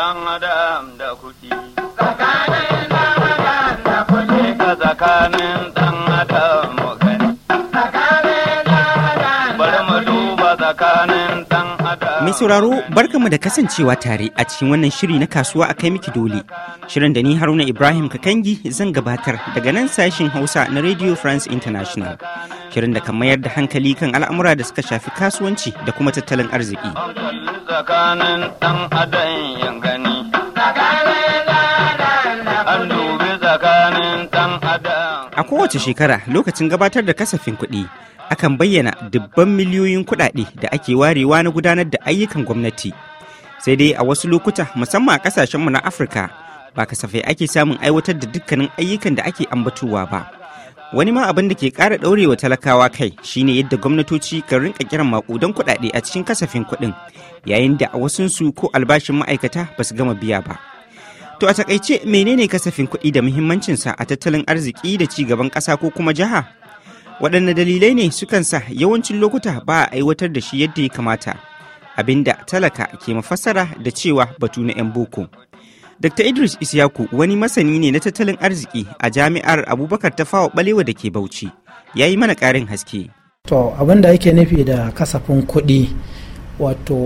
dan adam da kuɗi. Mai sauraro barkamu da kasancewa tare a cikin wannan shiri na kasuwa a kai miki dole. Shirin da ni Haruna Ibrahim Kakangi zan gabatar daga nan sashin Hausa na Radio France International. Shirin da kan mayar da hankali kan al'amura da suka shafi kasuwanci da kuma tattalin arziki. A kowace shekara lokacin gabatar da kasafin kuɗi akan bayyana dubban miliyoyin kuɗaɗe da ake warewa na gudanar da ayyukan gwamnati sai dai a wasu lokuta musamman a kasashenmu na afirka ba kasafai ake samun aiwatar da dukkanin ayyukan da ake ambatowa ba wani ma abin da ke ƙara ɗaurewa talakawa kai shine yadda gwamnatoci kan rinka kiran maƙudan kuɗaɗe a cikin kasafin kuɗin yayin da a wasunsu ko albashin ma'aikata ba su gama biya ba to a takaice menene kasafin kuɗi da muhimmancinsa a tattalin arziki da ci gaban ƙasa ko kuma jiha waɗanne dalilai ne sukan sa yawancin lokuta ba a aiwatar da shi yadda ya kamata abinda talaka ke mafassara da cewa batu na 'yan boko dr idris isyaku wani masani ne na tattalin arziki a jami'ar abubakar ta tafawa balewa da ke bauchi ya yi mana ƙarin haske to abin da yake nufi da kasafin kuɗi wato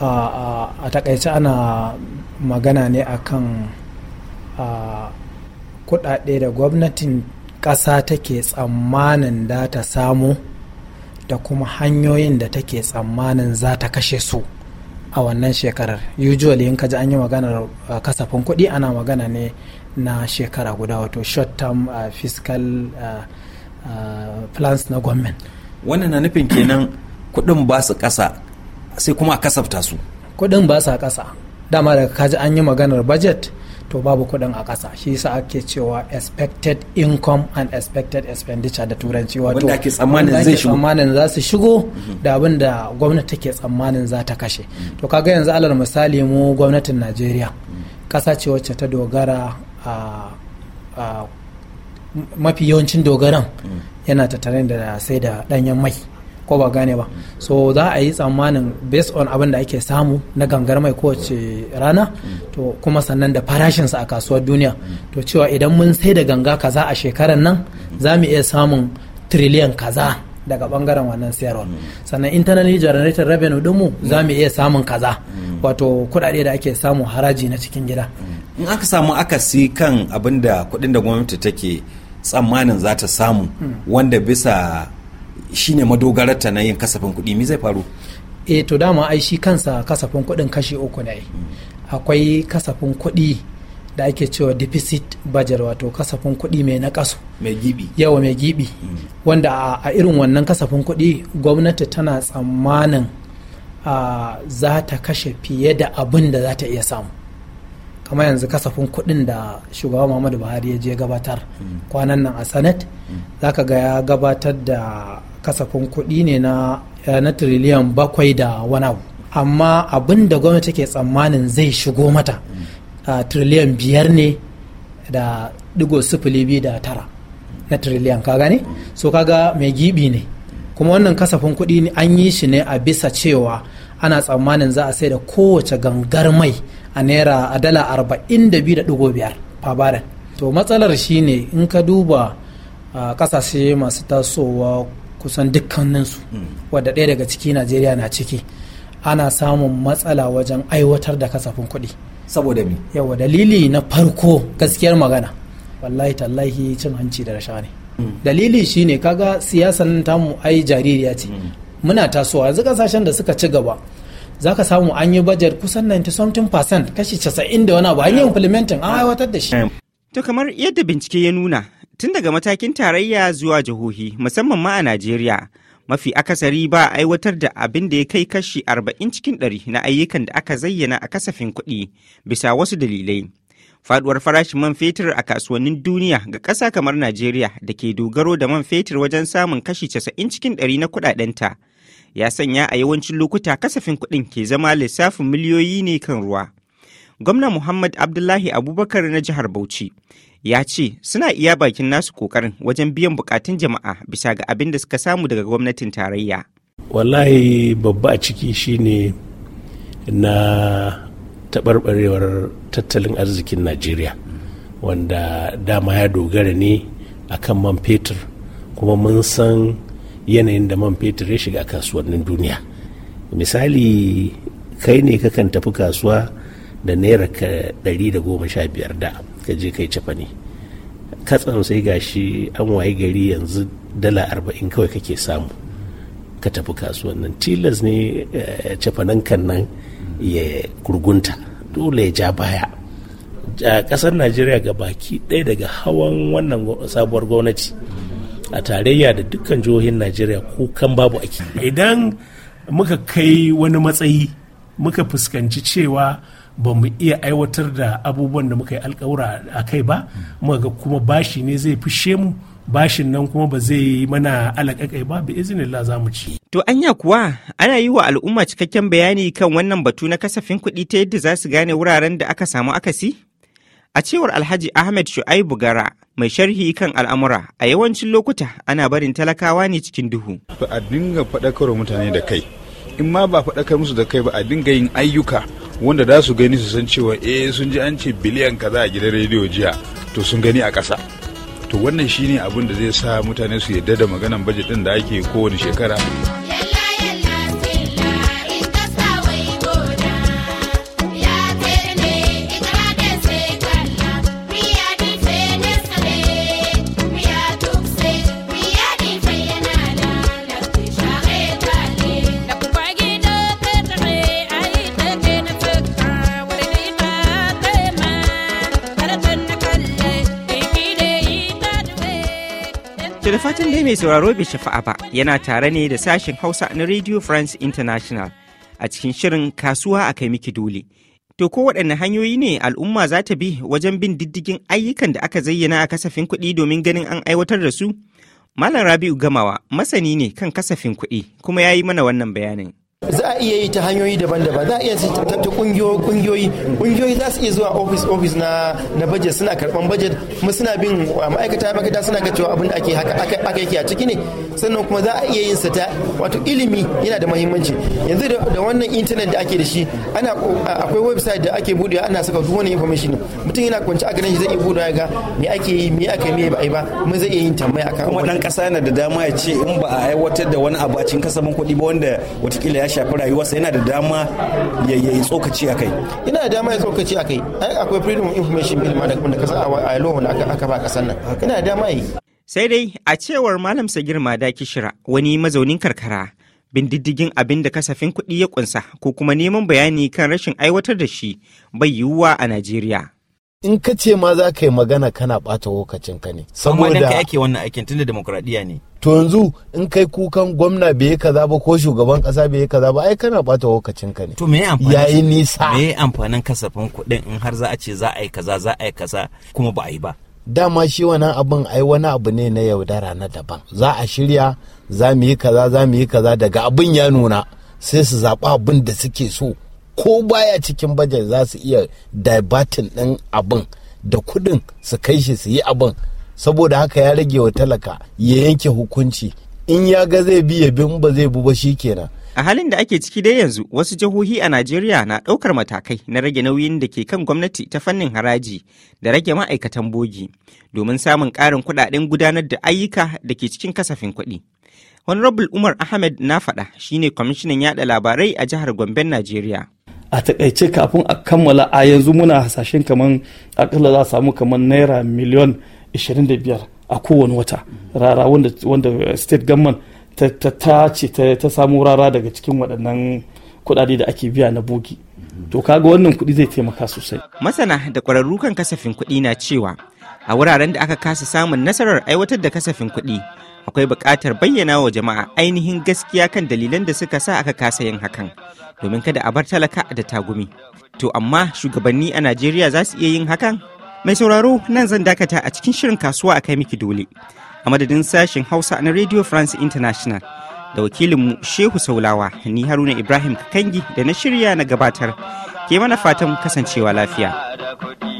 a takaice ana magana ne akan kuɗaɗe da gwamnatin ƙasa take tsammanin da ta samu da kuma hanyoyin da take tsammanin za ta kashe su a wannan shekarar usually in ka ji an yi maganar uh, kasafin kuɗi ana magana ne na shekara guda wato short term uh, fiscal uh, uh plans na gwamnan wannan na nufin kenan kuɗin ba su ƙasa sai kuma a kasafta su kuɗin ba su ƙasa dama daga kaji an yi maganar budget to babu kuɗin a kasa shi yasa ake cewa expected income and expected expenditure da turanci wato wanda ake tsammanin shigo za su shigo mhm. da abin da gwamnati take tsammanin za ta kashe mhm. to kaga yanzu alal misali mu gwamnatin Najeriya kasa mhm. ce wacce ta dogara a mafi yawancin dogaran yana tattare da sai da danyen mai ko ba gane ba so za a yi tsammanin based on abin da ake samu na gangar mai kowace rana to kuma sannan da farashinsa a kasuwar duniya to cewa idan mun sai da ganga kaza a shekarar nan za mu iya samun triliyan kaza daga bangaren wannan sayarwa sannan internally generated revenue dinmu za mu iya samun kaza wato kudade da ake samu haraji na cikin gida in aka samu akasi kan abin da kudin da gwamnati take tsammanin za ta samu wanda bisa shine madogararta na yin kasafin kuɗi mi zai faru e to dama ai shi kansa kasafin kuɗin kashi uku ne akwai kasafin kuɗi da ake cewa deficit budget wato kasafin kuɗi mai naƙasu mai gibi yawa mai gibi mm. wanda a irin wannan kasafin kuɗi gwamnati tana tsammanin za ta kashe fiye da abin da za ta iya samu kamar yanzu kasafin kuɗin da shugaban muhammadu buhari ya je gabatar mm. kwanan nan a sanat mm. za ka ga ya gabatar da kasafin kuɗi ne na eh, na triliyan bakwai da wani abu amma abin da gwamnati ke tsammanin zai shigo mata a triliyan biyar ne da digo sifili biyu da tara na triliyan ka gane so kaga mai gibi ne kuma wannan kasafin kuɗi an yi shi ne a bisa cewa ana tsammanin za a sai da kowace gangar mai a naira a dala arba'in da biyu da digo biyar fabaran to matsalar shine in ka duba kasashe masu tasowa kusan dukkaninsu hmm. wadda ɗaya daga ciki najeriya na ciki ana samun matsala wajen aiwatar da kasafin kuɗi saboda me yawa dalili na farko gaskiyar magana wallahi tallahi cin hanci da rashawa ne mm. dalili shine kaga siyasan tamu ai jaririya ce mm. muna tasowa yanzu kasashen da suka ci gaba zaka samu an yi bajet kusan 90 something percent kashi 90 da wani abu an yi implementing an aiwatar da shi. To kamar yadda bincike ya nuna tun daga matakin tarayya zuwa jihohi musamman ma a Najeriya mafi akasari ba a aiwatar da abin da ya kai kashi 40 cikin 100 na ayyukan da aka zayyana a kasafin kuɗi bisa wasu dalilai. Faduwar farashin man fetur a kasuwannin duniya ga ƙasa kamar Najeriya da ke dogaro da man fetur wajen samun kashi 90 cikin 100 na kuɗaɗenta ya sanya a yawancin lokuta kasafin kuɗin ke zama lissafin miliyoyi ne kan ruwa. gwamna Muhammad Abdullahi Abubakar na jihar Bauchi ya ce suna iya bakin nasu kokarin wajen biyan bukatun jama'a bisa ga abin da suka samu daga gwamnatin tarayya. Wallahi babba a ciki shine na taɓarɓarewar tattalin arzikin Najeriya wanda dama ya dogara ne akan man fetur kuma mun san yanayin da man fetur ya shiga kasuwannin duniya. Misali kai ne kakan tafi kasuwa da naira ka ɗari da goma sha biyar da ka je kai cafa ne katsan sai gashi an waye gari yanzu dala arba'in kawai kake samu ka tafi kasuwan nan tilas ne eh, cafanan kan nan ya kurgunta dole ya ja baya a ƙasar najeriya ga baki ɗaya daga hawan wannan sabuwar gwamnati a tarayya da dukkan jihohin najeriya kukan babu ake idan muka kai wani matsayi muka fuskanci cewa ba mu iya aiwatar da abubuwan da muka yi alkawura a kai ba muka ga kuma bashi ne zai fushe mu bashin nan kuma ba zai yi mana alaƙaƙai ba bi izinillah za mu ci. To anya kuwa ana yi wa al'umma cikakken bayani kan wannan batu na kasafin kuɗi ta yadda za su gane wuraren da aka samu akasi? A cewar Alhaji Ahmed Shu'aibu Gara mai sharhi kan al'amura a yawancin lokuta ana barin talakawa ne cikin duhu. A dinga faɗakarwa mutane da kai. in ma ba faɗakar musu da kai ba a dinga yin ayyuka wanda za su gani su san cewa eh sun ji an ce biliyan kaza a gidan rediyo jiya to sun gani a ƙasa to wannan shine abin da zai sa mutane su yarda da maganan bajet din da ake kowane shekara. fatan dai mai sauraro bai shafa'a ba yana tare ne da sashen Hausa na Radio France International a cikin shirin kasuwa a kai miki dole. To ko waɗanne hanyoyi ne al'umma za ta bi wajen bin diddigin ayyukan da aka zayyana a kasafin kuɗi domin ganin an aiwatar da su? Malam Rabi'u Gamawa masani ne kan kasafin kuɗi kuma ya yi mana wannan bayanin. za a iya yi ta hanyoyi daban-daban za a iya ta kungiyoyi kungiyoyi za su iya zuwa ofis ofis na na budget suna karban budget kuma suna bin ma'aikata ma'aikata suna ga cewa abin da ake aka yake a ciki ne sannan kuma za a iya yin sa ta wato ilimi yana da muhimmanci yanzu da wannan internet da ake da shi ana akwai website da ake bude ana saka duk wani information mutum yana kwance a ganin shi zai iya bude ga me ake yi me aka yi ba ai ba kuma zai iya yin tambaya akan kuma dan kasa yana da dama ya ce in ba a aiwatar da wani abu a cikin kasafin kuɗi ba wanda watakila ya shafi rayuwarsa yana da dama ya yi tsokaci a kai yana da dama ya tsokaci a kai ai akwai freedom of information bill ma da kasa a law na aka ba kasan nan yana da dama yi sai dai a cewar malam sagir mada kishira wani mazaunin karkara bin diddigin abin da kasafin kuɗi ya kunsa ko kuma neman bayani kan rashin aiwatar da shi bai yiwuwa a najeriya in ka ce ma za ka yi magana kana ɓata lokacin ka ne saboda ka ake wannan aikin tunda demokuraɗiyya ne to yanzu in kai kukan gwamna bai yi kaza ba ko shugaban kasa bai yi kaza ba ai kana bata lokacin ka ne to me yayi nisa me amfanin kasafin kuɗin in har za a ce za a yi kaza za a yi kaza kuma ba a yi ba dama shi wani abin ai wani abu ne na yaudara na daban za a shirya za mu yi kaza za mu yi kaza daga abin ya nuna sai su zaɓa abin da suke so ko baya cikin bajet za su iya dibatin ɗin abin da kudin su kai shi su yi abin saboda haka ya rage wa talaka ya yanke hukunci in ya ga zai bi ya bin ba zai bi ba shi kenan a halin da ake ciki dai yanzu wasu jihohi a najeriya na ɗaukar matakai na rage nauyin da ke kan gwamnati ta fannin haraji da rage ma'aikatan bogi domin samun ƙarin kuɗaɗen gudanar da ayyuka da ke cikin kasafin kuɗi honorable umar ahmed na faɗa shine kwamishinan yaɗa labarai a jihar gomben najeriya a takaice kafin a kammala a yanzu muna hasashen kamar akalla za a samu kamar naira miliyon 25 a kowane wata rara wanda state government ta tace ta samu rara daga cikin waɗannan kuɗaɗe da ake biya na bogi to kaga wannan kuɗi zai taimaka sosai masana da ƙwararru kan kasafin kuɗi na cewa a wuraren da aka kasa samun nasarar aiwatar da kasafin kuɗi akwai buƙatar bayyana wa jama'a ainihin gaskiya kan dalilan da suka sa aka kasa yin hakan domin kada a bar talaka da tagumi to amma shugabanni a najeriya za su iya yin hakan mai sauraro nan zan dakata a cikin shirin kasuwa a kai miki dole a madadin sashen hausa na radio france international da wakilinmu shehu saulawa ni haruna ibrahim kakangi da na shirya na gabatar ke mana fatan kasancewa lafiya.